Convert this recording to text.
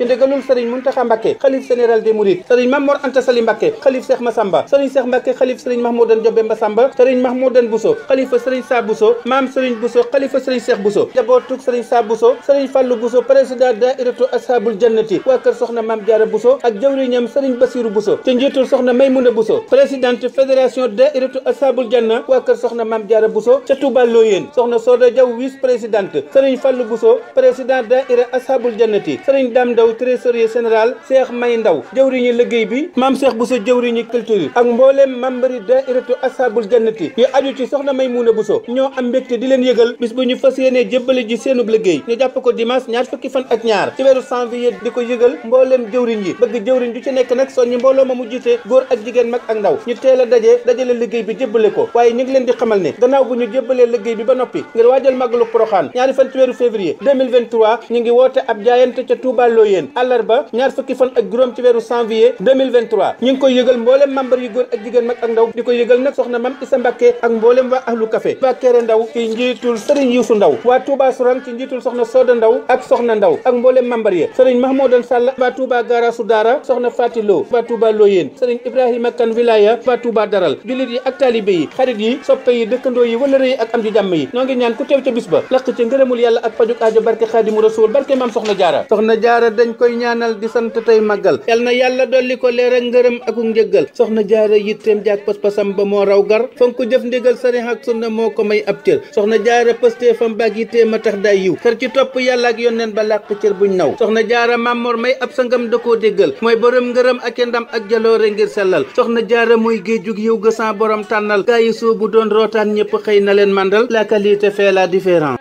ci ndigalul sëriñ Muntaxa Mbàkke xalif général des Mourides sëriñ Mamor Anta Sali Mbàkke xalif Seex Masamba sëriñ Seex Mbàkke xalif sëriñ Mahmoudan Jobe Masamba sëriñ Mahmoudan Bousso xalifa sëriñ Sa Bousso maam sëriñ Bousso xalifa sëriñ Seex Bousso jabootug sëriñ Sa Bousso sëriñ Fàllu Bousso président daairatu ashabul jannati waa kër soxna Maam Jaara Bousso ak jawriñam sëriñ Basiru Bousso ci njiitul soxna Maymuna Bousso présidente fédération daairatu ashabul janna waa kër soxna Maam Jaara Bousso ca Touba Loyeen soxna Sooda Jaw vice présidente sëriñ Fàllu Bousso président daaira ashabul jannati sëriñ Dam Ndaw ndaw trésor trésorier général Cheikh May Ndaw jëwriñu liggey bi mam Cheikh Bousso jëwriñu culture ak mbollem membre de iratu ashabul jannati yu aju ci soxna Maymouna Bousso ño am mbégte di len yëgal bis bu ñu fas yéenee ji seenub liggey ñu jàpp ko dimanche ñaar fukki fan ak ñaar ci wéru janvier diko ko yëgal mbooleem jëwriñ yi bëgg jëwriñ ju ci nek nak soñu mbooloo ma mu jiite góor ak jigen mak ak ndaw ñu téla daje dajale liggey bi jébbale ko waye ñu ngi len di xamal ne gannaaw bu ñu jébbalee liggéey bi ba nopi ngir waajal maglu proxane ñaari fan ci wéru février 2023 ñu ngi wote ab jaayante ci Touba Loye jigen alarba ñaar fukki fan ak juroom ci wéru janvier 2023 ñing koy yëgal mbolem member yu góor ak jigen mak ak ndaw diko yëgal nak soxna mam isa mbàkke ak mbolem wa ahlu café waa kere ndaw ci njitul serigne yuusu ndaw wa touba sourang ci njitul soxna soda ndaw ak soxna ndaw ak mboolem membre yi ya. sëriñ mahmoudan sall wa touba soxna fatilo wa touba loyen serigne ibrahima kan wilaya wa touba daral julit yi ak talibé yi xarit yi soppé yi yi wala ak am di jàmm yi noo ngi ñaan ku tew ci bisba lakk ci ngërëmul yalla ak pajuk aajo barke xaadimu rasul barke mam soxna jaara soxna jaara dañ koy ñaanal di sant tey màggal xel na yàlla dolli ko leer ak ngërëm ak njëggal soxna jaara yitteem jàkk pas-pasam ba moo raw gar fonk jëf ndigal sëriñ ak sunna moo ko may ab cër soxna jaara pëstéefam baag yitteem a tax day yiw kër ci topp yàlla ak yónneen ba làq cër buñ naw soxna jaara mamor may ab sangam da koo déggal mooy borom ngërëm ak ndam ak jaloore ngir sellal soxna jaara mooy géejug yiw ga sans borom tànnal gaa yi soo bu doon rootaan ñëpp xëy na leen mandal la qualité la différence